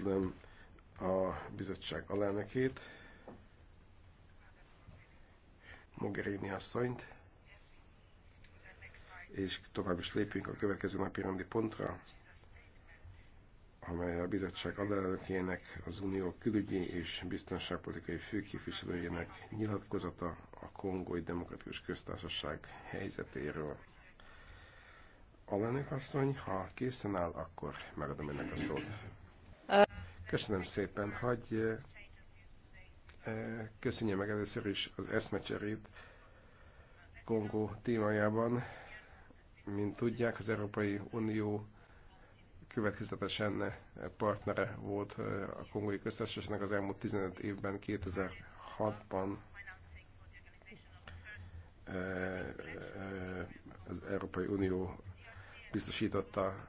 üdvözlöm a bizottság alelnökét, Mogherini asszonyt, és tovább is lépünk a következő napi rendi pontra, amely a bizottság alelnökének, az Unió külügyi és biztonságpolitikai főképviselőjének nyilatkozata a Kongói Demokratikus Köztársaság helyzetéről. Alelnök asszony, ha készen áll, akkor megadom ennek a szót. Köszönöm szépen, hogy köszönje meg először is az eszmecserét Kongó témájában. Mint tudják, az Európai Unió következetesen partnere volt a kongói köztársaságnak az elmúlt 15 évben, 2006-ban az Európai Unió biztosította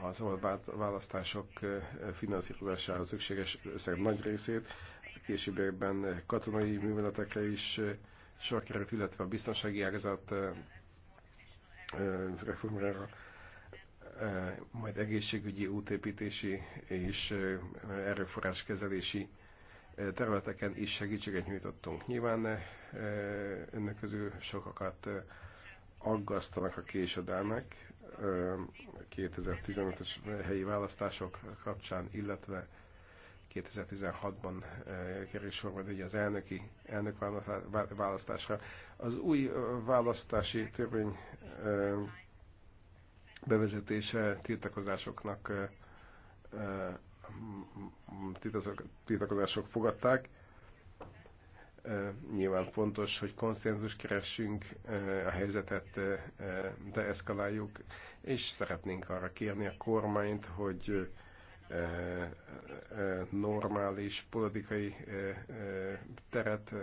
a szabad választások finanszírozásához szükséges összeg nagy részét, későbbiekben katonai műveletekre is sor került, illetve a biztonsági ágazat reformjára, majd egészségügyi, útépítési és erőforráskezelési területeken is segítséget nyújtottunk. Nyilván önök közül sokakat aggasztanak a késedelmek, 2015-es helyi választások kapcsán, illetve 2016-ban kerül sor majd az elnöki elnök választásra. Az új választási törvény bevezetése tiltakozásoknak tiltakozások fogadták, Nyilván fontos, hogy konszenzus keressünk, a helyzetet deeszkaláljuk, és szeretnénk arra kérni a kormányt, hogy normális politikai teret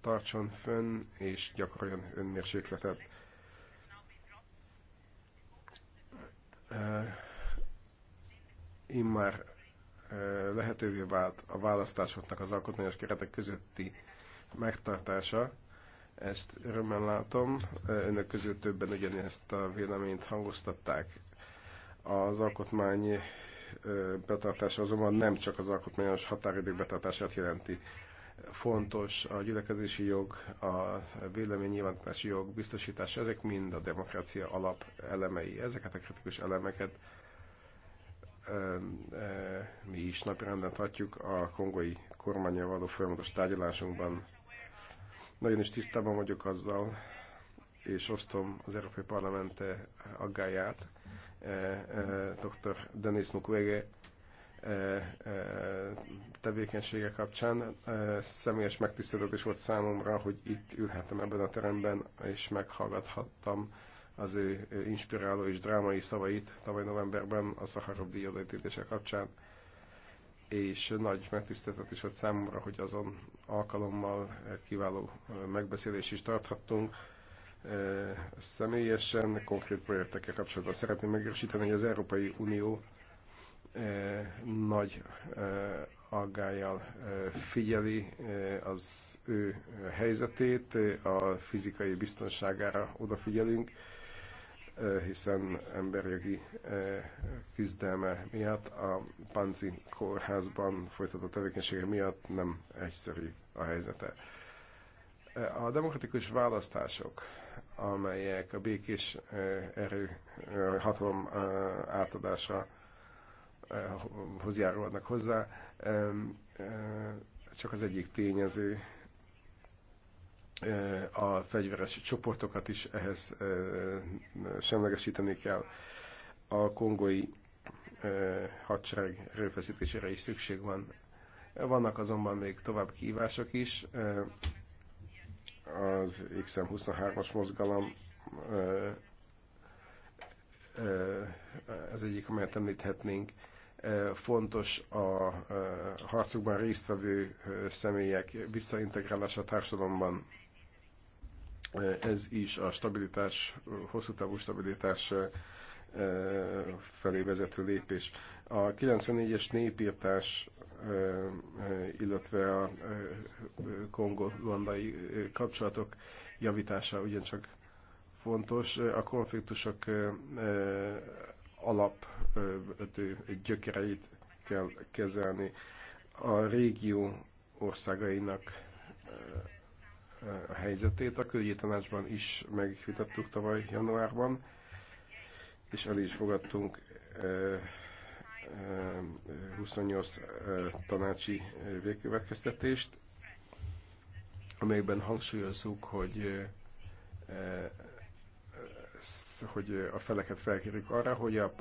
tartson fönn, és gyakoroljon önmérsékletet. Immár lehetővé vált a választásoknak az alkotmányos keretek közötti megtartása. Ezt örömmel látom. Önök közül többen ugyanezt a véleményt hangoztatták. Az alkotmány betartása azonban nem csak az alkotmányos határidők betartását jelenti. Fontos a gyülekezési jog, a véleménynyilvánítási jog biztosítása, ezek mind a demokrácia alap elemei. Ezeket a kritikus elemeket mi is napirenden tartjuk a kongói kormányjal való folyamatos tárgyalásunkban. Nagyon is tisztában vagyok azzal, és osztom az Európai Parlament aggáját e, e, dr. Denis Mukwege e, tevékenysége kapcsán. Személyes megtisztelődés volt számomra, hogy itt ülhettem ebben a teremben, és meghallgathattam az ő inspiráló és drámai szavait tavaly novemberben a Szaharov díjadatítése kapcsán és nagy megtiszteltetés volt számomra, hogy azon alkalommal kiváló megbeszélést is tarthattunk. Személyesen konkrét projektekkel kapcsolatban szeretném megérsíteni, hogy az Európai Unió nagy aggájjal figyeli az ő helyzetét, a fizikai biztonságára odafigyelünk, hiszen emberjogi küzdelme miatt a Panzi kórházban folytatott tevékenysége miatt nem egyszerű a helyzete. A demokratikus választások, amelyek a békés erő hatalom átadásra hozzájárulnak hozzá, csak az egyik tényező a fegyveres csoportokat is ehhez semlegesíteni kell. A kongói hadsereg erőfeszítésére is szükség van. Vannak azonban még tovább kívások is. Az XM23-as mozgalom az egyik, amelyet említhetnénk. Fontos a harcokban résztvevő személyek visszaintegrálása a társadalomban ez is a stabilitás, hosszú távú stabilitás felé vezető lépés. A 94-es népírtás, illetve a kongolandai kapcsolatok javítása ugyancsak fontos. A konfliktusok alap gyökereit kell kezelni. A régió országainak a helyzetét. A külügyi tanácsban is megvitattuk tavaly januárban, és el is fogadtunk 28 tanácsi végkövetkeztetést, amelyekben hangsúlyozzuk, hogy hogy a feleket felkérjük arra, hogy a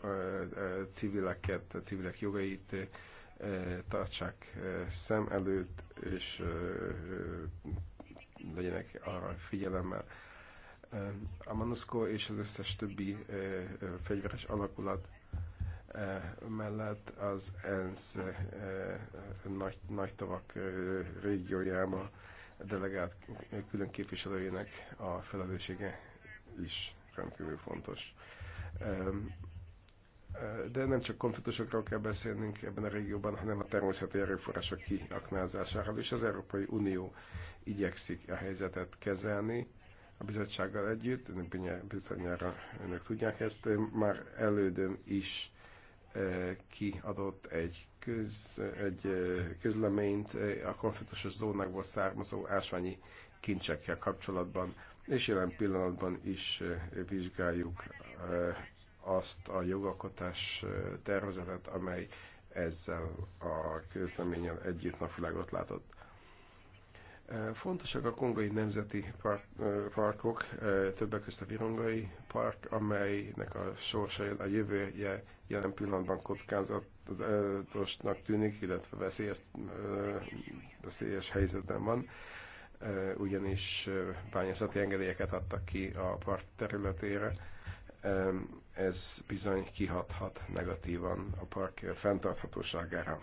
civileket, a civilek jogait tartsák szem előtt, és legyenek arra figyelemmel. A MONUSCO és az összes többi fegyveres alakulat mellett az ENSZ nagy, nagy tavak régiójába delegált külön képviselőjének a felelőssége is rendkívül fontos de nem csak konfliktusokról kell beszélnünk ebben a régióban, hanem a természeti erőforrások kiaknázásáról, és az Európai Unió igyekszik a helyzetet kezelni a bizottsággal együtt, önök bizonyára önök tudják ezt, már elődöm is eh, kiadott egy, köz, egy eh, közleményt eh, a konfliktusos zónákból származó ásványi kincsekkel kapcsolatban, és jelen pillanatban is vizsgáljuk azt a jogalkotás tervezetet, amely ezzel a közleménnyel együtt napvilágot látott. Fontosak a kongai nemzeti park, parkok, többek között a Virongai Park, amelynek a sorsa, a jövője jelen pillanatban kockázatosnak tűnik, illetve veszélyes, veszélyes helyzetben van, ugyanis bányászati engedélyeket adtak ki a park területére ez bizony kihathat negatívan a park fenntarthatóságára.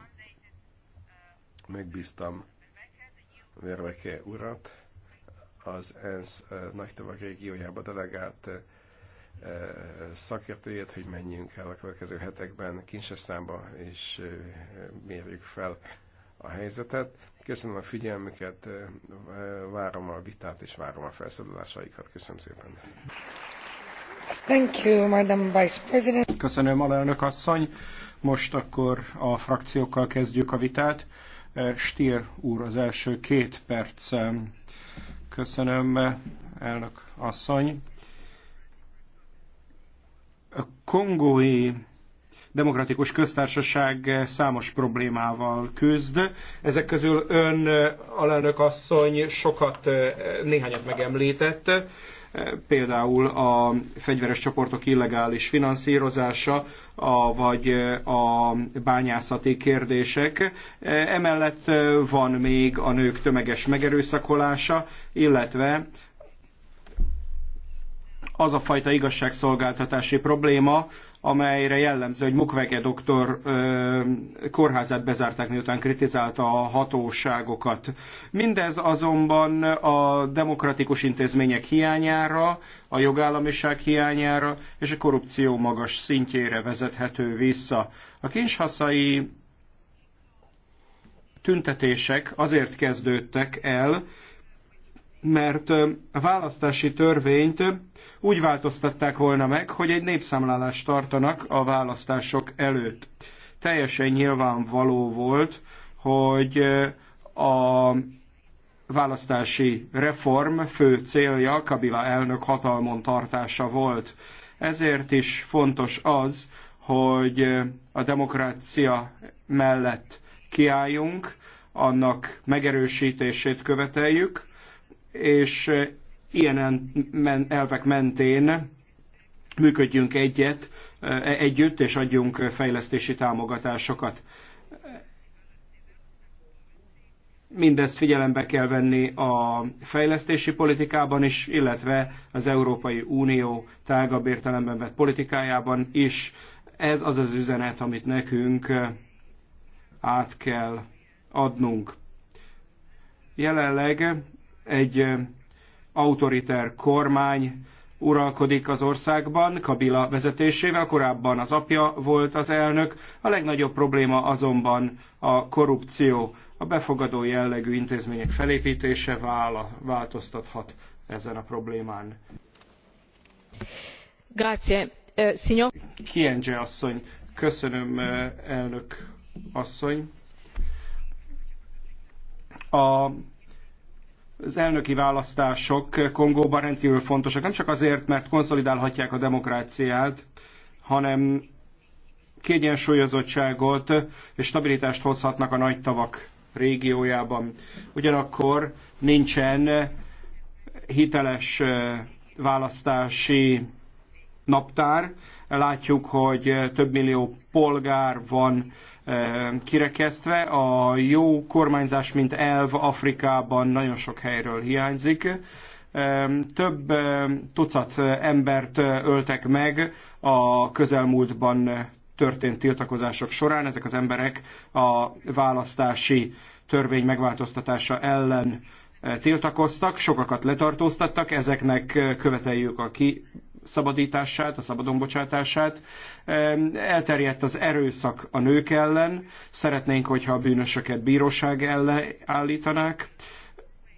Megbíztam Verveke urat, az ENSZ eh, nagytavak régiójába delegált eh, eh, szakértőjét, hogy menjünk el a következő hetekben számba, és mérjük fel a helyzetet. Köszönöm a figyelmüket, várom a vitát, és várom a felszabadulásaikat. Köszönöm szépen! Köszönöm, alelnök asszony. Most akkor a frakciókkal kezdjük a vitát. Er, Stier úr az első két perc. Köszönöm, elnök asszony. A kongói demokratikus köztársaság számos problémával küzd. Ezek közül ön, alelnök asszony, sokat, néhányat megemlített például a fegyveres csoportok illegális finanszírozása, a, vagy a bányászati kérdések. Emellett van még a nők tömeges megerőszakolása, illetve az a fajta igazságszolgáltatási probléma, amelyre jellemző, hogy Mukwege doktor kórházát bezárták, miután kritizálta a hatóságokat. Mindez azonban a demokratikus intézmények hiányára, a jogállamiság hiányára és a korrupció magas szintjére vezethető vissza. A kinshaszai tüntetések azért kezdődtek el, mert a választási törvényt úgy változtatták volna meg, hogy egy népszámlálást tartanak a választások előtt. Teljesen nyilvánvaló volt, hogy a választási reform fő célja Kabila elnök hatalmon tartása volt. Ezért is fontos az, hogy a demokrácia mellett kiálljunk, annak megerősítését követeljük, és ilyen elvek mentén működjünk egyet, e, együtt, és adjunk fejlesztési támogatásokat. Mindezt figyelembe kell venni a fejlesztési politikában is, illetve az Európai Unió tágabb értelemben vett politikájában is. Ez az az üzenet, amit nekünk át kell adnunk. Jelenleg egy autoriter kormány uralkodik az országban, Kabila vezetésével, korábban az apja volt az elnök. A legnagyobb probléma azonban a korrupció. A befogadó jellegű intézmények felépítése vála, változtathat ezen a problémán. Grazie. Signor... Kienge asszony. Köszönöm, elnök asszony. A az elnöki választások Kongóban rendkívül fontosak, nem csak azért, mert konszolidálhatják a demokráciát, hanem kiegyensúlyozottságot és stabilitást hozhatnak a nagy tavak régiójában. Ugyanakkor nincsen hiteles választási naptár. Látjuk, hogy több millió polgár van kirekesztve. A jó kormányzás, mint elv Afrikában nagyon sok helyről hiányzik. Több tucat embert öltek meg a közelmúltban történt tiltakozások során. Ezek az emberek a választási törvény megváltoztatása ellen tiltakoztak, sokakat letartóztattak, ezeknek követeljük a ki szabadítását, a szabadonbocsátását. bocsátását. Elterjedt az erőszak a nők ellen, szeretnénk, hogyha a bűnösöket bíróság ellen állítanák.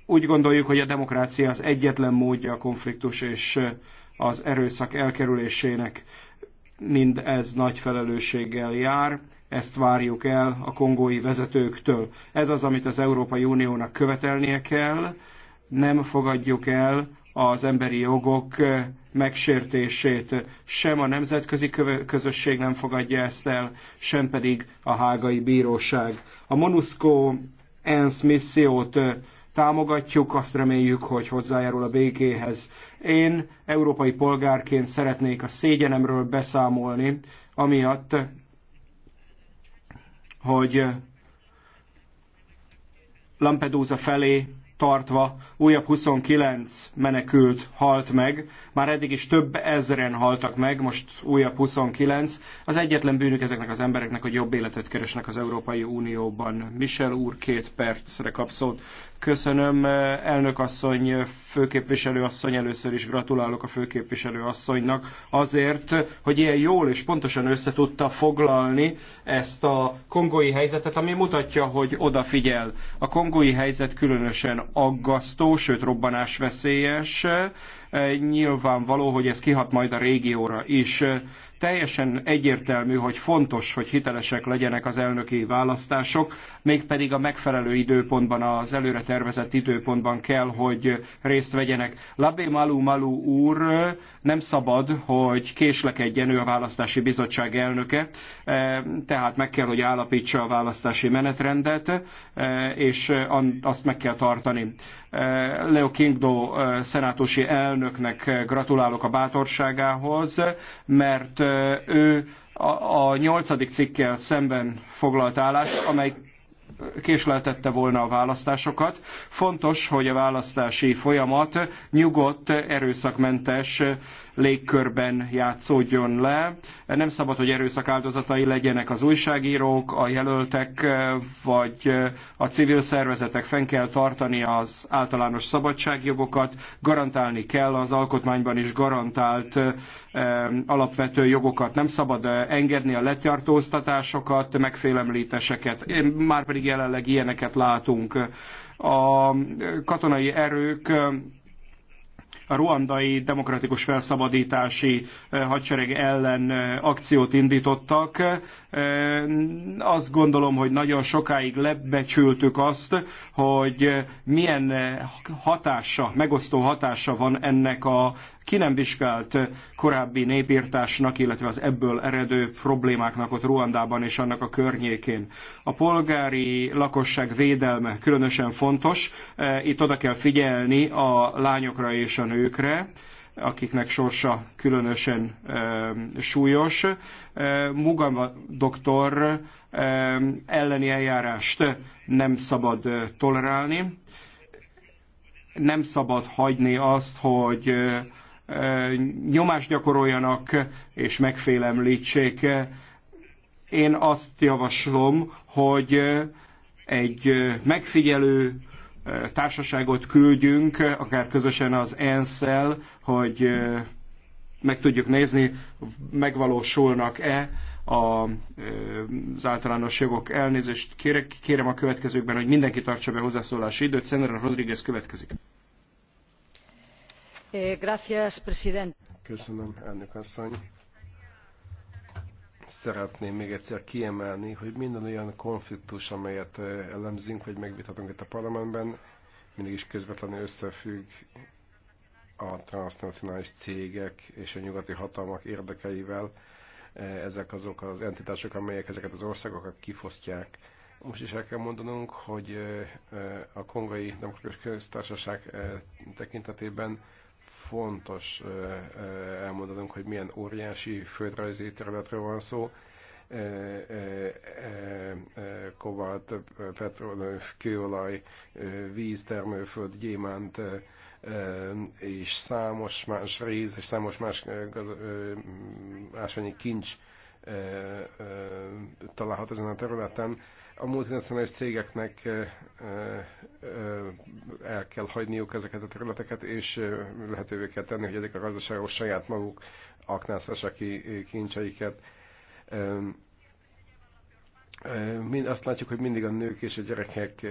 Úgy gondoljuk, hogy a demokrácia az egyetlen módja a konfliktus és az erőszak elkerülésének. Mind ez nagy felelősséggel jár, ezt várjuk el a kongói vezetőktől. Ez az, amit az Európai Uniónak követelnie kell, nem fogadjuk el az emberi jogok eh, megsértését. Sem a nemzetközi közösség nem fogadja ezt el, sem pedig a hágai bíróság. A MONUSCO ENSZ missziót eh, támogatjuk, azt reméljük, hogy hozzájárul a békéhez. Én európai polgárként szeretnék a szégyenemről beszámolni, amiatt, hogy Lampedusa felé tartva újabb 29 menekült halt meg. Már eddig is több ezeren haltak meg, most újabb 29. Az egyetlen bűnük ezeknek az embereknek, hogy jobb életet keresnek az Európai Unióban. Michel úr két percre kap szót. Köszönöm, elnök asszony, főképviselő asszony, először is gratulálok a főképviselő asszonynak azért, hogy ilyen jól és pontosan össze tudta foglalni ezt a kongói helyzetet, ami mutatja, hogy odafigyel. A kongói helyzet különösen aggasztó, sőt robbanásveszélyes. Nyilvánvaló, hogy ez kihat majd a régióra is teljesen egyértelmű, hogy fontos, hogy hitelesek legyenek az elnöki választások, mégpedig a megfelelő időpontban, az előre tervezett időpontban kell, hogy részt vegyenek. Labé Malu Malu úr nem szabad, hogy késlekedjen ő a választási bizottság elnöke, e, tehát meg kell, hogy állapítsa a választási menetrendet, e, és azt meg kell tartani. E, Leo Kingdo szenátusi elnöknek gratulálok a bátorságához, mert ő a, a nyolcadik cikkel szemben foglalt állást, amely késleltette volna a választásokat. Fontos, hogy a választási folyamat nyugodt, erőszakmentes légkörben játszódjon le. Nem szabad, hogy erőszak áldozatai legyenek az újságírók, a jelöltek vagy a civil szervezetek. Fenn kell tartani az általános szabadságjogokat, garantálni kell az alkotmányban is garantált alapvető jogokat. Nem szabad engedni a letartóztatásokat, megfélemlíteseket. Már pedig jelenleg ilyeneket látunk. A katonai erők a ruandai demokratikus felszabadítási eh, hadsereg ellen eh, akciót indítottak. Eh, azt gondolom, hogy nagyon sokáig lebecsültük azt, hogy milyen hatása, megosztó hatása van ennek a ki nem vizsgált korábbi népírtásnak, illetve az ebből eredő problémáknak ott Ruandában és annak a környékén. A polgári lakosság védelme különösen fontos, e, itt oda kell figyelni a lányokra és a nőkre, akiknek sorsa különösen e, súlyos. E, Mugama doktor e, elleni eljárást nem szabad e, tolerálni. Nem szabad hagyni azt, hogy e, nyomást gyakoroljanak és megfélemlítsék. Én azt javaslom, hogy egy megfigyelő társaságot küldjünk, akár közösen az ENSZ-el, hogy meg tudjuk nézni, megvalósulnak-e az általános jogok elnézést. Kérek, kérem a következőkben, hogy mindenki tartsa be hozzászólási időt. Szenera Rodriguez következik. Eh, Köszönöm, elnök asszony. Szeretném még egyszer kiemelni, hogy minden olyan konfliktus, amelyet eh, elemzünk, vagy megvitatunk itt a parlamentben, mindig is közvetlenül összefügg a transnacionális cégek és a nyugati hatalmak érdekeivel. Eh, ezek azok az entitások, amelyek ezeket az országokat kifosztják. Most is el kell mondanunk, hogy a Kongai Demokratikus Köztársaság tekintetében fontos elmondanunk, hogy milyen óriási földrajzi területről van szó. Kovalt, petrolőm, kőolaj, víz, termőföld, gyémánt, és számos más rész, és számos más ásványi kincs található ezen a területen a multinacionális cégeknek eh, eh, el kell hagyniuk ezeket a területeket, és eh, lehetővé kell tenni, hogy ezek a gazdaságok saját maguk aknázhassák ki kincseiket. Mind azt látjuk, hogy mindig a nők és a gyerekek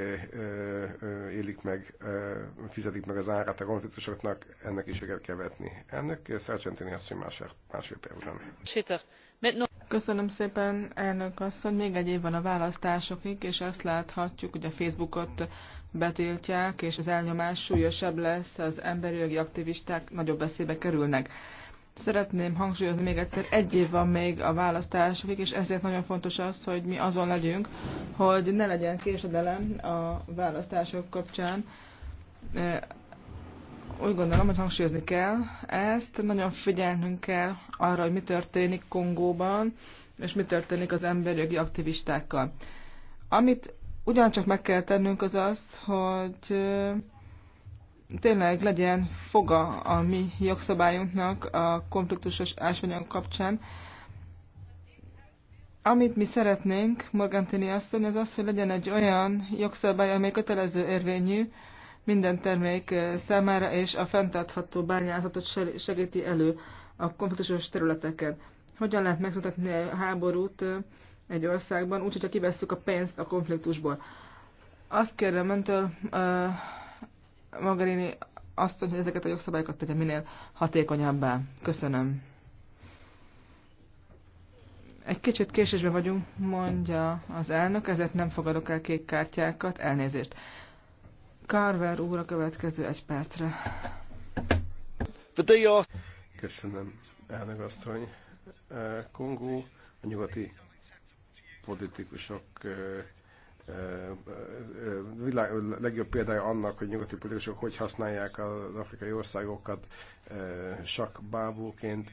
élik meg, fizetik meg az árat a konfliktusoknak, ennek is őket kell vetni. Ennek Sargentini azt, hogy másfél percben. Köszönöm szépen, elnök asszony. Még egy év van a választásokig, és azt láthatjuk, hogy a Facebookot betiltják, és az elnyomás súlyosabb lesz, az emberi jogi aktivisták nagyobb veszélybe kerülnek. Szeretném hangsúlyozni még egyszer, egy év van még a választásokig, és ezért nagyon fontos az, hogy mi azon legyünk, hogy ne legyen késedelem a választások kapcsán úgy gondolom, hogy hangsúlyozni kell ezt, nagyon figyelnünk kell arra, hogy mi történik Kongóban, és mi történik az emberjogi aktivistákkal. Amit ugyancsak meg kell tennünk az az, hogy tényleg legyen foga a mi jogszabályunknak a konfliktusos ásványok kapcsán. Amit mi szeretnénk, Morgantini asszony, az az, hogy legyen egy olyan jogszabály, amely kötelező érvényű, minden termék számára, és a fenntartható bányászatot segíti elő a konfliktusos területeken. Hogyan lehet megszüntetni a háborút egy országban, Úgyhogy ha kivesszük a pénzt a konfliktusból? Azt kérem öntől, uh, Magarini azt, hogy ezeket a jogszabályokat tegye minél hatékonyabbá. Köszönöm. Egy kicsit késésben vagyunk, mondja az elnök, ezért nem fogadok el kék kártyákat, elnézést. Carver úr a következő egy percre. Köszönöm, elnök asszony. Eh, Kongó a nyugati politikusok eh, eh, világ, legjobb példája annak, hogy nyugati politikusok hogy használják az afrikai országokat bábúként.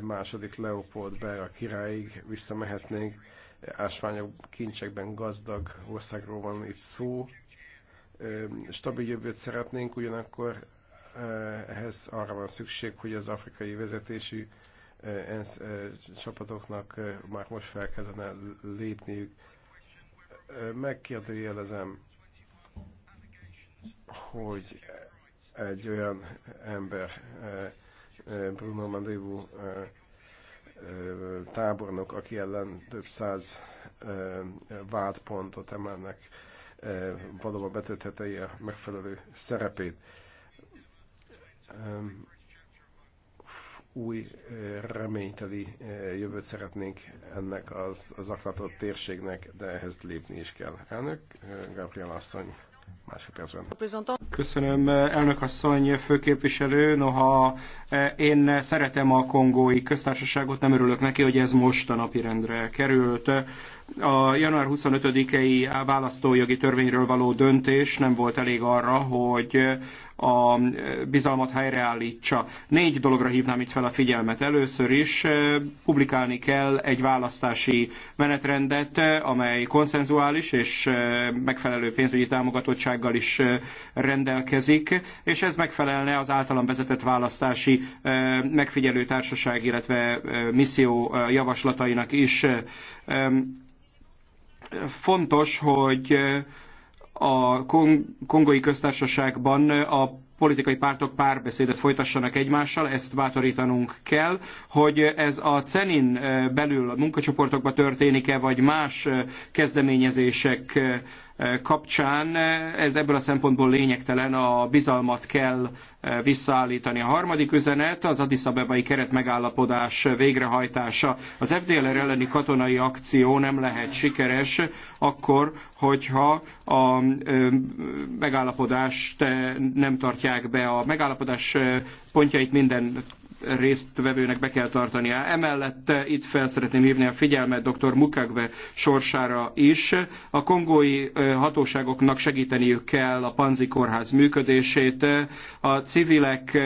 Második Leopold be a királyig visszamehetnénk. Ásványok, kincsekben gazdag országról van itt szó stabil jövőt szeretnénk, ugyanakkor ehhez arra van szükség, hogy az afrikai vezetésű ENSZ csapatoknak már most fel kellene lépniük. Megkérdőjelezem, hogy egy olyan ember, Bruno Mandébu tábornok, aki ellen több száz vádpontot emelnek valóban betöltheti a megfelelő szerepét. Új reményteli jövőt szeretnénk ennek az zaklatott térségnek, de ehhez lépni is kell. Elnök, Gabriel asszony. Köszönöm, elnök asszony, főképviselő. Noha én szeretem a kongói köztársaságot, nem örülök neki, hogy ez most a napirendre került a január 25-i választójogi törvényről való döntés nem volt elég arra, hogy a bizalmat helyreállítsa. Négy dologra hívnám itt fel a figyelmet. Először is eh, publikálni kell egy választási menetrendet, eh, amely konszenzuális és eh, megfelelő pénzügyi támogatottsággal is rendelkezik, és ez megfelelne az általam vezetett választási megfigyelő társaság, illetve misszió javaslatainak is fontos, hogy eh, a kongói köztársaságban eh, a politikai pártok párbeszédet folytassanak egymással, ezt bátorítanunk kell, hogy ez a CENIN eh, belül a munkacsoportokban történik-e, vagy más kezdeményezések kapcsán. Ez ebből a szempontból lényegtelen, a bizalmat kell eh, visszaállítani. A harmadik üzenet az Addis Abebai keretmegállapodás végrehajtása. Az FDLR elleni katonai akció nem lehet sikeres akkor, hogyha a megállapodást eh, nem tartják be. A megállapodás eh, pontjait minden résztvevőnek be kell tartania. Emellett itt fel szeretném hívni a figyelmet dr. Mukagve sorsára is. A kongói hatóságoknak segíteniük kell a Panzi kórház működését. A civilek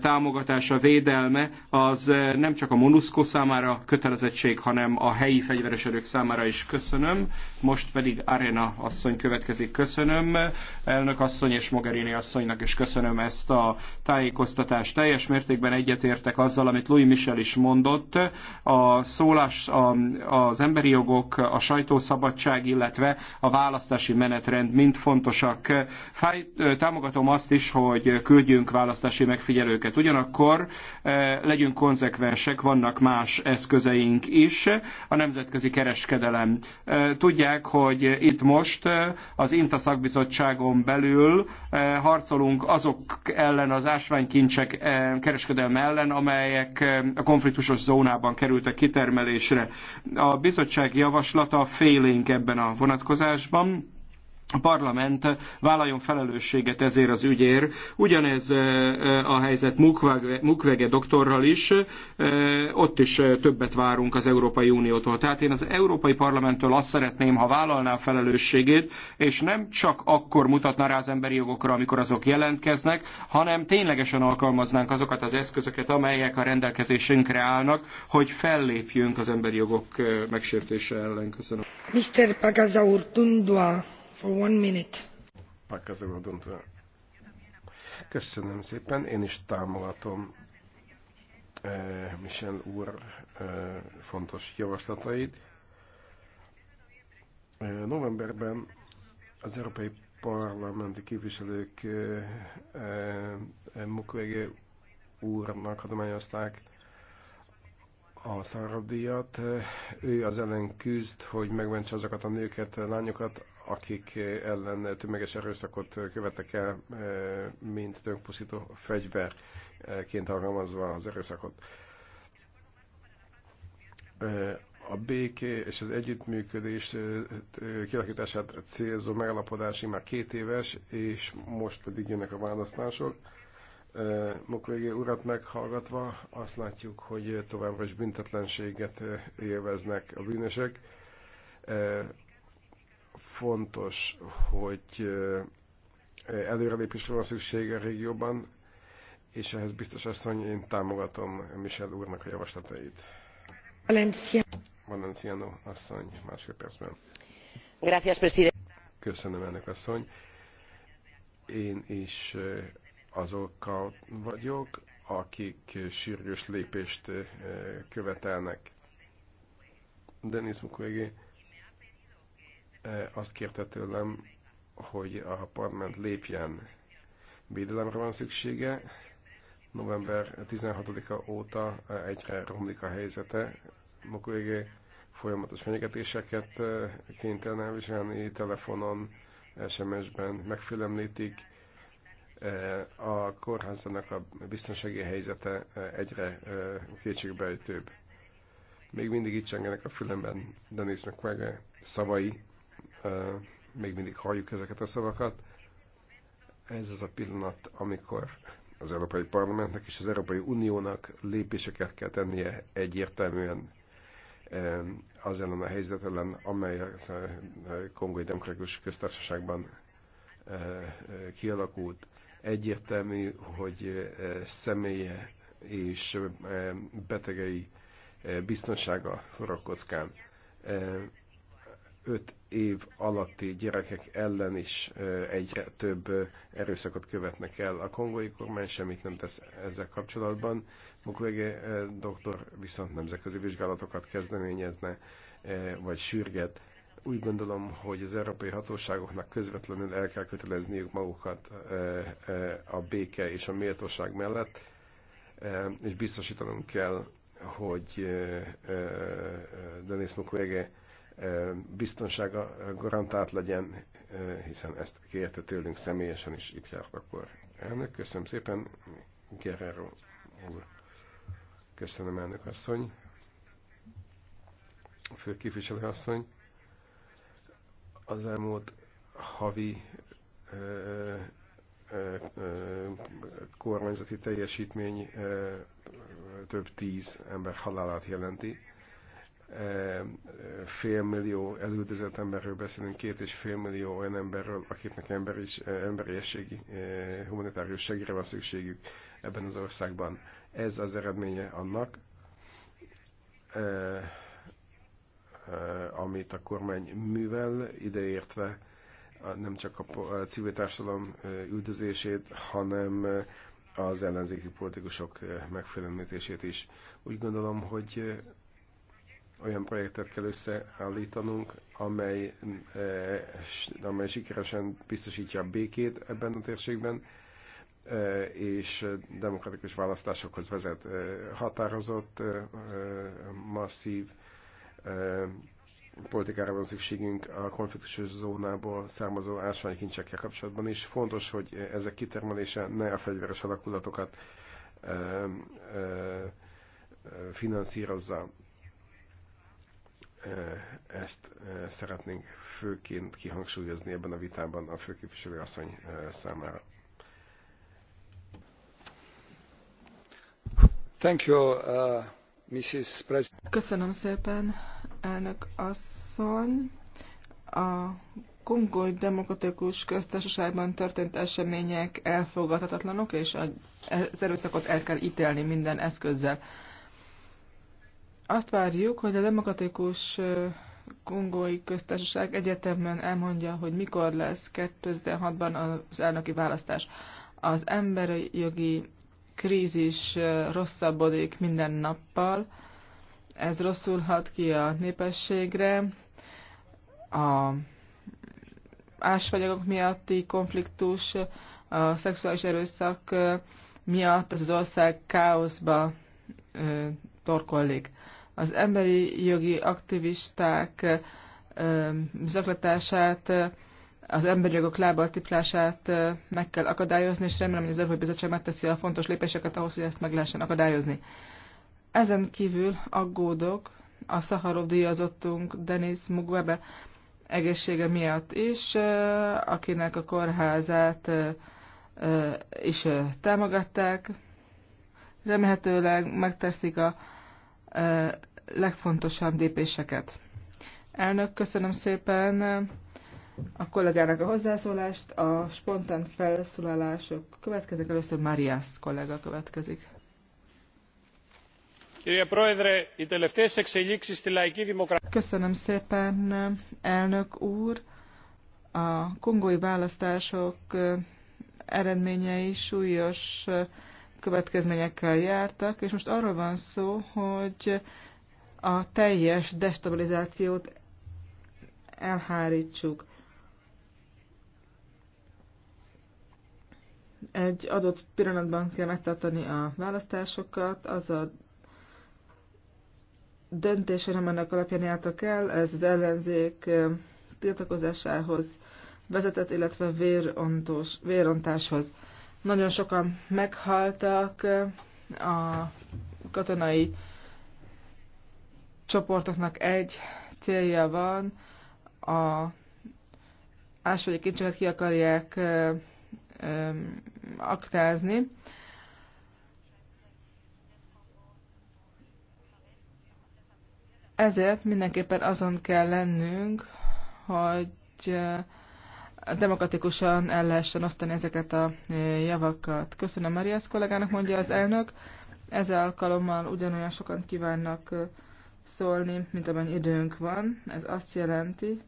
támogatása, védelme az nem csak a MONUSCO számára kötelezettség, hanem a helyi fegyveres erők számára is köszönöm. Most pedig Arena asszony következik. Köszönöm elnök asszony és Mogherini asszonynak is köszönöm ezt a tájékoztatást. Teljes mértékben egyetértek azzal, amit Louis Michel is mondott. A szólás, a, az emberi jogok, a sajtószabadság, illetve a választási menetrend mind fontosak. Fáj, támogatom azt is, hogy küldjünk választási megfigyelő őket. Ugyanakkor eh, legyünk konzekvensek, vannak más eszközeink is, a nemzetközi kereskedelem. Eh, tudják, hogy itt most eh, az INTA szakbizottságon belül harcolunk azok ellen, az ásványkincsek kereskedelme ellen, amelyek a konfliktusos zónában kerültek kitermelésre. A bizottság javaslata félénk ebben a vonatkozásban a parlament vállaljon felelősséget ezért az ügyért. Ugyanez a helyzet Mukwege, Mukwege doktorral is, ott is többet várunk az Európai Uniótól. Tehát én az Európai Parlamenttől azt szeretném, ha vállalná a felelősségét, és nem csak akkor mutatná rá az emberi jogokra, amikor azok jelentkeznek, hanem ténylegesen alkalmaznánk azokat az eszközöket, amelyek a rendelkezésünkre állnak, hogy fellépjünk az emberi jogok megsértése ellen. Köszönöm. Mr. Köszönöm szépen, én is támogatom eh, Michel úr eh, fontos javaslatait. Eh, novemberben az Európai Parlamenti képviselők Mukwege úrnak adományozták a szaradíjat. Ő az ellen küzd, hogy megmentse azokat a nőket, lányokat, akik ellen tömeges erőszakot követek el, eh, mint tönkpusztító fegyverként alkalmazva az erőszakot. Eh, a béké és az együttműködés eh, kialakítását célzó megalapodási már két éves, és most pedig jönnek a választások. Mukwege urat meghallgatva azt látjuk, hogy továbbra is büntetlenséget élveznek a bűnösek fontos, hogy előrelépésre van szüksége a régióban, és ehhez biztos hogy én támogatom Michel úrnak a javaslatait. Valencia. Valenciano asszony, másfél percben. Gracias, president. Köszönöm, elnök asszony. Én is azokkal vagyok, akik sürgős lépést követelnek. Denis Mukwege E, azt kérte tőlem, hogy a parlament lépjen. Védelemre van szüksége. November 16-a óta egyre romlik a helyzete. Mukwege folyamatos fenyegetéseket e, kénytelen elviselni telefonon, SMS-ben megfélemlítik. E, a kórházának a biztonsági helyzete egyre kétségbejtőbb. Még mindig itt csengenek a fülemben Denis McQuagge szavai, még mindig halljuk ezeket a szavakat. Ez az a pillanat, amikor az Európai Parlamentnek és az Európai Uniónak lépéseket kell tennie egyértelműen az ellen a helyzet ellen, amely a Kongói Demokratikus Köztársaságban kialakult. Egyértelmű, hogy személye és betegei biztonsága forrakockán. 5 év alatti gyerekek ellen is egyre több erőszakot követnek el. A kongói kormány semmit nem tesz ezzel kapcsolatban. Mukwege doktor viszont nemzetközi vizsgálatokat kezdeményezne, vagy sürget. Úgy gondolom, hogy az európai hatóságoknak közvetlenül el kell kötelezniük magukat a béke és a méltóság mellett, és biztosítanunk kell, hogy Denis Mukwege biztonsága garantált legyen, hiszen ezt kérte tőlünk személyesen is itt járt akkor. Elnök, köszönöm szépen, Gerrero úr. Köszönöm, elnök asszony. képviselő asszony. Az elmúlt havi kormányzati teljesítmény több tíz ember halálát jelenti fél millió, elüldözött emberről beszélünk, két és millió olyan emberről, akiknek emberi, emberiességi eh, humanitárius segélyre van szükségük ebben az országban. Ez az eredménye annak, eh, eh, amit a kormány művel, ideértve nem csak a civil társadalom üldözését, hanem az ellenzéki politikusok megfélemlítését is. Úgy gondolom, hogy olyan projektet kell összeállítanunk, amely, eh, amely sikeresen biztosítja a békét ebben a térségben, eh, és demokratikus választásokhoz vezet. Eh, határozott, masszív politikára van szükségünk a konfliktusos zónából származó ásványkincsekkel kapcsolatban is. Fontos, hogy ezek kitermelése ne a fegyveres alakulatokat finanszírozza ezt szeretnénk főként kihangsúlyozni ebben a vitában a főképviselő asszony számára. Thank you, uh, Mrs. President. Köszönöm szépen, elnök asszony. A Kongói Demokratikus Köztársaságban történt események elfogadhatatlanok, és az erőszakot el kell ítélni minden eszközzel. Azt várjuk, hogy a demokratikus kongói köztársaság egyetemben elmondja, hogy mikor lesz 2006-ban az elnöki választás. Az emberi jogi krízis rosszabbodik minden nappal, ez rosszul hat ki a népességre, a ásványok miatti konfliktus, a szexuális erőszak miatt ez az ország káoszba torkollik az emberi jogi aktivisták zaklatását, az emberi jogok lábaltiplását meg kell akadályozni, és remélem, hogy az Európai Bizottság megteszi a fontos lépéseket ahhoz, hogy ezt meg lehessen akadályozni. Ezen kívül aggódok a Szaharov díjazottunk Denis Mugwebe egészsége miatt is, akinek a kórházát is támogatták. Remélhetőleg megteszik a legfontosabb lépéseket. Elnök, köszönöm szépen a kollégának a hozzászólást. A spontán felszólalások következnek. Először Marias kollega következik. Köszönöm szépen, elnök úr. A kongói választások eredményei súlyos következményekkel jártak, és most arról van szó, hogy a teljes destabilizációt elhárítsuk. Egy adott pillanatban kell megtartani a választásokat, az a döntése nem ennek alapján jártak el, ez az ellenzék tiltakozásához vezetett, illetve vérontós, vérontáshoz. Nagyon sokan meghaltak eh, a katonai csoportoknak egy célja van, a ásványi kincseket ki akarják ö, eh, ö, aktázni. Ezért mindenképpen azon kell lennünk, hogy eh, demokratikusan el lehessen osztani ezeket a e, javakat. Köszönöm Marias kollégának, mondja az elnök. Ezzel alkalommal ugyanolyan sokan kívánnak e, szólni, mint amennyi időnk van. Ez azt jelenti,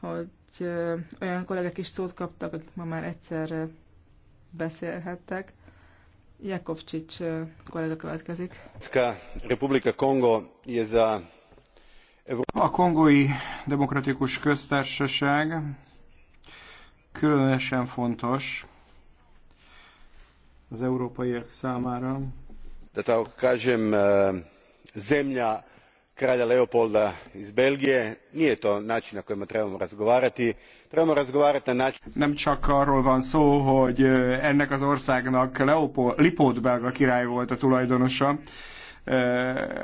hogy e, olyan kollégek is szót kaptak, akik ma már egyszer beszélhettek. Jakovcsics kollega következik. Republika Kongo je za... A kongói demokratikus köztársaság különösen fontos az európaiak számára. Da tako kažem, eh, zemlja kralja Leopolda iz Belgije nije to način na kojima trebamo razgovarati. Trebamo razgovarati na način... Nem csak arról van szó, hogy eh, ennek az országnak Leopold, Lipót belga király volt a tulajdonosa,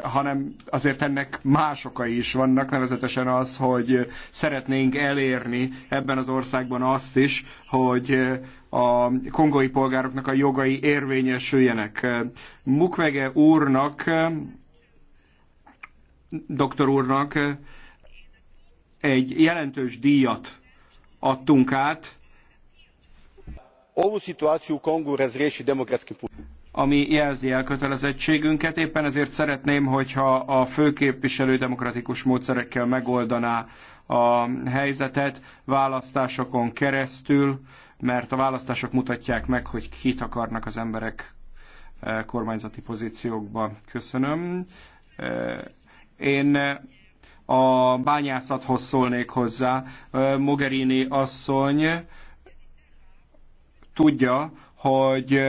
hanem azért ennek más okai is vannak, nevezetesen az, hogy szeretnénk elérni ebben az országban azt is, hogy a kongói polgároknak a jogai érvényesüljenek. Mukwege úrnak, doktor úrnak egy jelentős díjat adtunk át, ovu situaciju u kongu razriješi demokratskim putem. ami jelzi elkötelezettségünket. Éppen ezért szeretném, hogyha a főképviselő demokratikus módszerekkel megoldaná a helyzetet választásokon keresztül, mert a választások mutatják meg, hogy kit akarnak az emberek e, kormányzati pozíciókba. Köszönöm. E, én a bányászathoz szólnék hozzá. E, Mogherini asszony tudja, hogy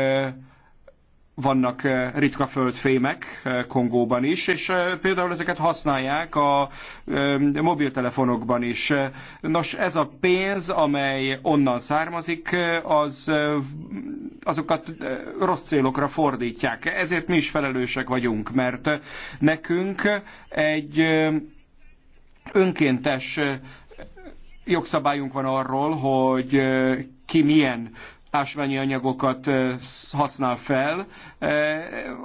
vannak ritka földfémek Kongóban is, és például ezeket használják a mobiltelefonokban is. Nos, ez a pénz, amely onnan származik, az, azokat rossz célokra fordítják. Ezért mi is felelősek vagyunk, mert nekünk egy önkéntes jogszabályunk van arról, hogy ki milyen ásványi anyagokat használ fel.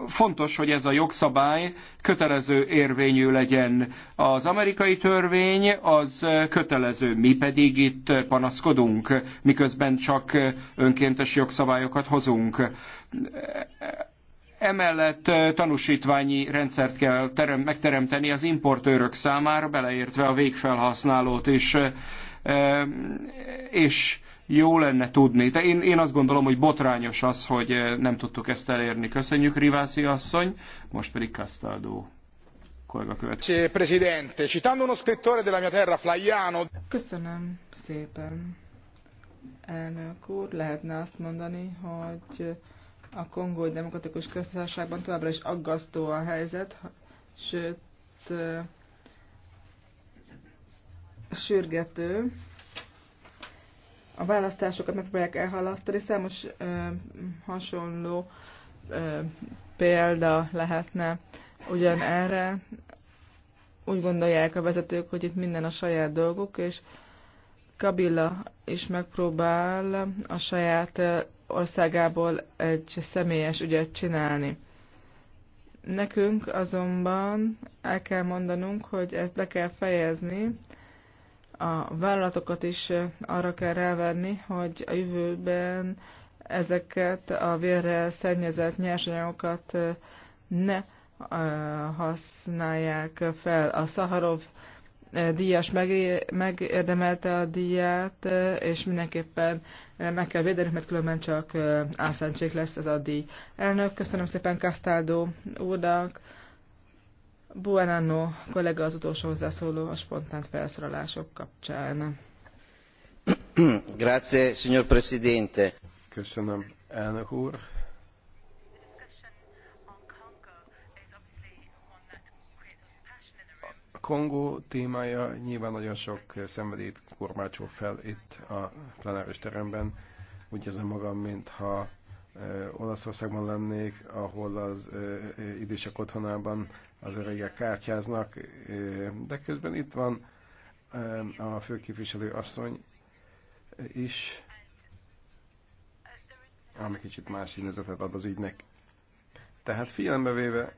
Fontos, hogy ez a jogszabály kötelező érvényű legyen. Az amerikai törvény az kötelező, mi pedig itt panaszkodunk, miközben csak önkéntes jogszabályokat hozunk emellett tanúsítványi rendszert kell terem, megteremteni az importőrök számára, beleértve a végfelhasználót is. És jó lenne tudni. De én, én azt gondolom, hogy botrányos az, hogy eh, nem tudtuk ezt elérni. Köszönjük, Rivászi asszony, most pedig Castaldo kollega következik. Presidente, citando uno scrittore della mia terra, Köszönöm szépen. Elnök úr, lehetne azt mondani, hogy a kongói demokratikus köztársaságban továbbra is aggasztó a helyzet, sőt, eh, sürgető, a választásokat megpróbálják elhalasztani. Számos ö, hasonló ö, példa lehetne ugyanerre. Úgy gondolják a vezetők, hogy itt minden a saját dolguk, és Kabila is megpróbál a saját országából egy személyes ügyet csinálni. Nekünk azonban el kell mondanunk, hogy ezt be kell fejezni, a vállalatokat is arra kell rávenni, hogy a jövőben ezeket a vérrel szennyezett nyersanyagokat ne használják fel. A Szaharov díjas megérdemelte a díját, és mindenképpen meg kell védeni, mert különben csak álszentség lesz ez a díj. Elnök, köszönöm szépen Castaldo úrnak, Buonanno kollega az utolsó hozzászóló a spontán felszólalások kapcsán. Grazie, signor Presidente. Köszönöm, elnök úr. Kongó témája nyilván nagyon sok szenvedélyt kormácsol fel itt a plenáris teremben. Úgy érzem magam, mintha eh, Olaszországban lennék, ahol az eh, idősek otthonában az öregek kártyáznak, de közben itt van a főképviselő asszony is, ami kicsit más színezetet ad az ügynek. Tehát figyelembe véve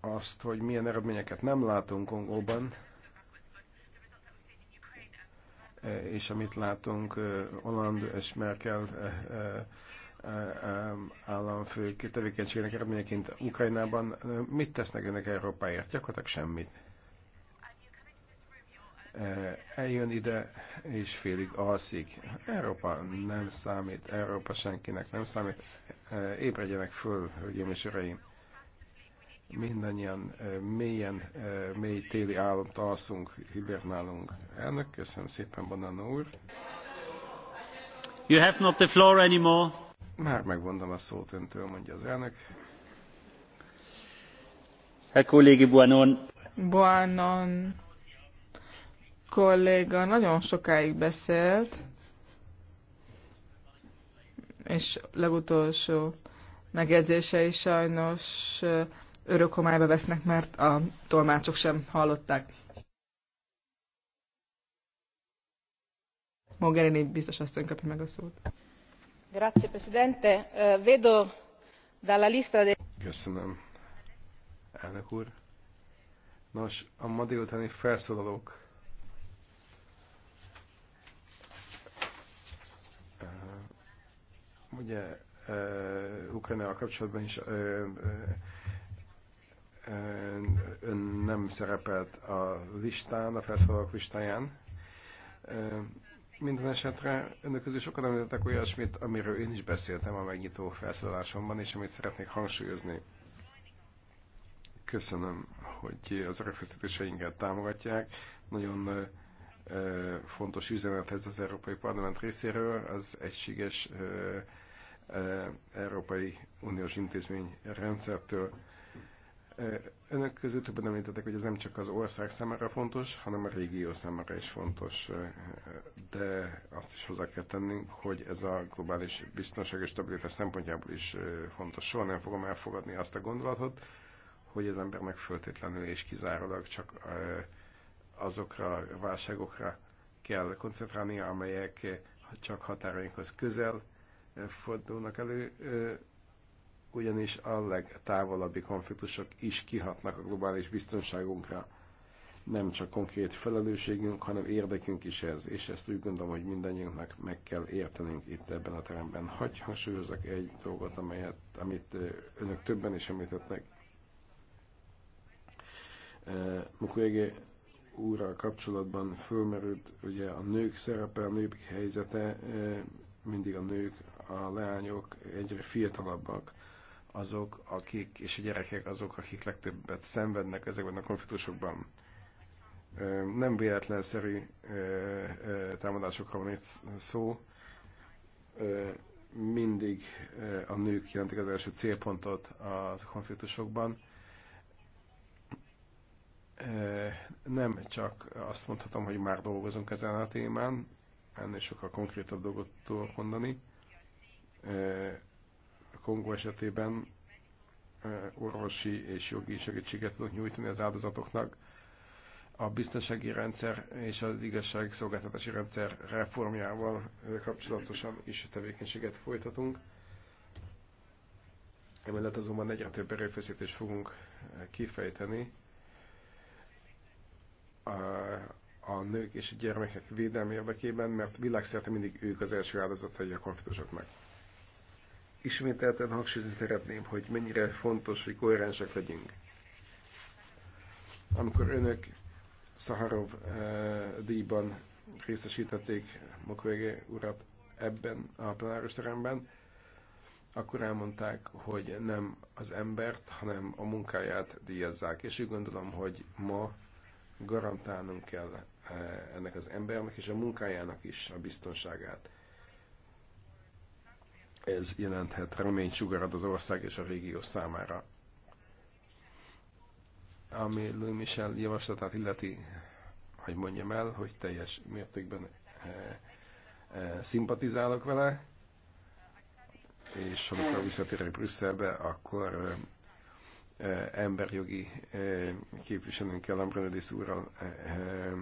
azt, hogy milyen eredményeket nem látunk Kongóban, és amit látunk Holland és Merkel államfők tevékenységének eredményeként Ukrajnában. Mit tesznek önök Európáért? Gyakorlatilag semmit. Eljön ide, és félig alszik. Európa nem számít, Európa senkinek nem számít. Ébredjenek föl, hölgyeim és uraim. Mindannyian mélyen, mély téli álomt alszunk, hibernálunk. Elnök, köszönöm szépen, Bonanó úr. You have not the floor anymore. Már megmondom a szót öntől, mondja az elnök. Hát kollégi buanon. Buanon. kolléga nagyon sokáig beszélt, és legutolsó megjegyzései sajnos örök homályba vesznek, mert a tolmácsok sem hallották. Mogherini biztos aztán kapja meg a szót. Eh, Köszönöm, elnök úr. Nos, a ma délutáni felszólalók eh, ugye eh, Ukrajnával kapcsolatban is ön nem szerepelt a listán, a felszólalók listáján. Uh, minden esetre önök közül sokan említettek olyasmit, amiről én is beszéltem a megnyitó felszólalásomban, és amit szeretnék hangsúlyozni. Köszönöm, hogy az erőfeszítéseinket támogatják. Nagyon fontos üzenet ez az Európai Parlament részéről, az egységes Európai Uniós intézmény rendszertől Önök közül többen említettek, hogy ez nem csak az ország számára fontos, hanem a régió számára is fontos, de azt is hozzá kell tennünk, hogy ez a globális biztonság és stabilitás szempontjából is fontos. Soha nem fogom elfogadni azt a gondolatot, hogy az embernek föltétlenül és kizárólag csak azokra a válságokra kell koncentrálnia, amelyek csak határainkhoz közel fordulnak elő ugyanis a legtávolabbi konfliktusok is kihatnak a globális biztonságunkra. Nem csak konkrét felelősségünk, hanem érdekünk is ez, és ezt úgy gondolom, hogy mindannyiunknak meg kell értenünk itt ebben a teremben. Hagy hangsúlyozok egy dolgot, amelyet, amit önök többen is említettek. Mukwege úrral kapcsolatban fölmerült ugye a nők szerepe, a nők helyzete, mindig a nők, a leányok egyre fiatalabbak azok, akik, és a gyerekek azok, akik legtöbbet szenvednek ezekben a konfliktusokban. Nem véletlenszerű támadásokra van itt szó. Mindig a nők jelentik az első célpontot a konfliktusokban. Nem csak azt mondhatom, hogy már dolgozunk ezen a témán, ennél sokkal konkrétabb dolgot tudok mondani Kongó esetében orvosi és jogi segítséget tudott nyújtani az áldozatoknak. A biztonsági rendszer és az igazságszolgáltatási rendszer reformjával kapcsolatosan is tevékenységet folytatunk. Emellett azonban egyre több erőfeszítést fogunk kifejteni a, a nők és a gyermekek védelmi érdekében, mert világszerte mindig ők az első áldozatai a konfliktusoknak. Ismételten hangsúlyozni szeretném, hogy mennyire fontos, hogy koherensek legyünk. Amikor önök Szaharov eh, díjban részesítették Mokvege urat ebben a plenáros teremben, akkor elmondták, hogy nem az embert, hanem a munkáját díjazzák. És úgy gondolom, hogy ma garantálnunk kell eh, ennek az embernek és a munkájának is a biztonságát ez jelenthet reménysugarat az ország és a régió számára. Ami Louis Michel javaslatát illeti, hogy mondjam el, hogy teljes mértékben e, e, szimpatizálok vele, és amikor visszatérek Brüsszelbe, akkor e, emberjogi e, képviselőnkkel, Ambrenedis úrral e, e,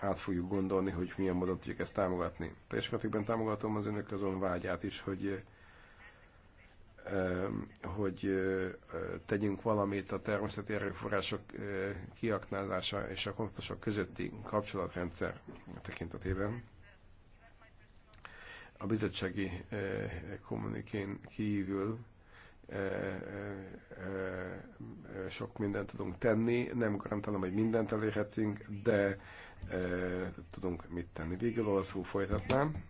át fogjuk gondolni, hogy milyen módon tudjuk ezt támogatni. Teljes mértékben támogatom az önök azon vágyát is, hogy hogy tegyünk valamit a természeti erőforrások kiaknázása és a konfliktusok közötti kapcsolatrendszer tekintetében. A bizottsági kommunikén kívül sok mindent tudunk tenni, nem garantálom, hogy mindent elérhetünk, de tudunk mit tenni. Végül olaszul folytatnám.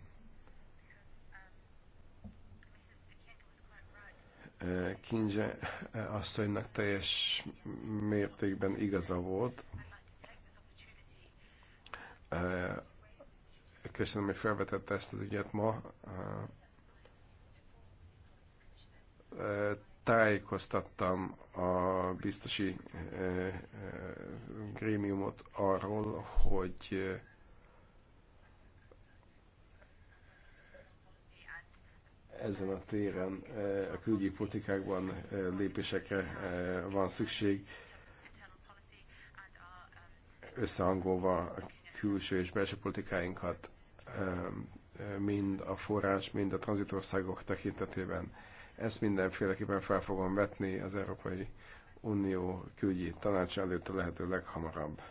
Kinje asszonynak teljes mértékben igaza volt. Köszönöm, hogy felvetette ezt az ügyet ma. Tájékoztattam a biztosi grémiumot arról, hogy ezen a téren eh, a külügyi politikákban eh, lépésekre eh, van szükség, összehangolva a külső és belső politikáinkat mind a forrás, mind a tranzitországok tekintetében. Ezt mindenféleképpen fel fogom vetni az Európai Unió külügyi tanács előtt a lehető leghamarabb.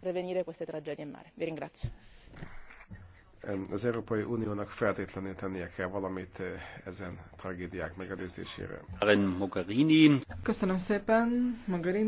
Prevenire queste tragedie in mare. Vi ringrazio az Európai Uniónak feltétlenül tennie kell valamit eh, ezen tragédiák megelőzésére. Köszönöm szépen, Magarini.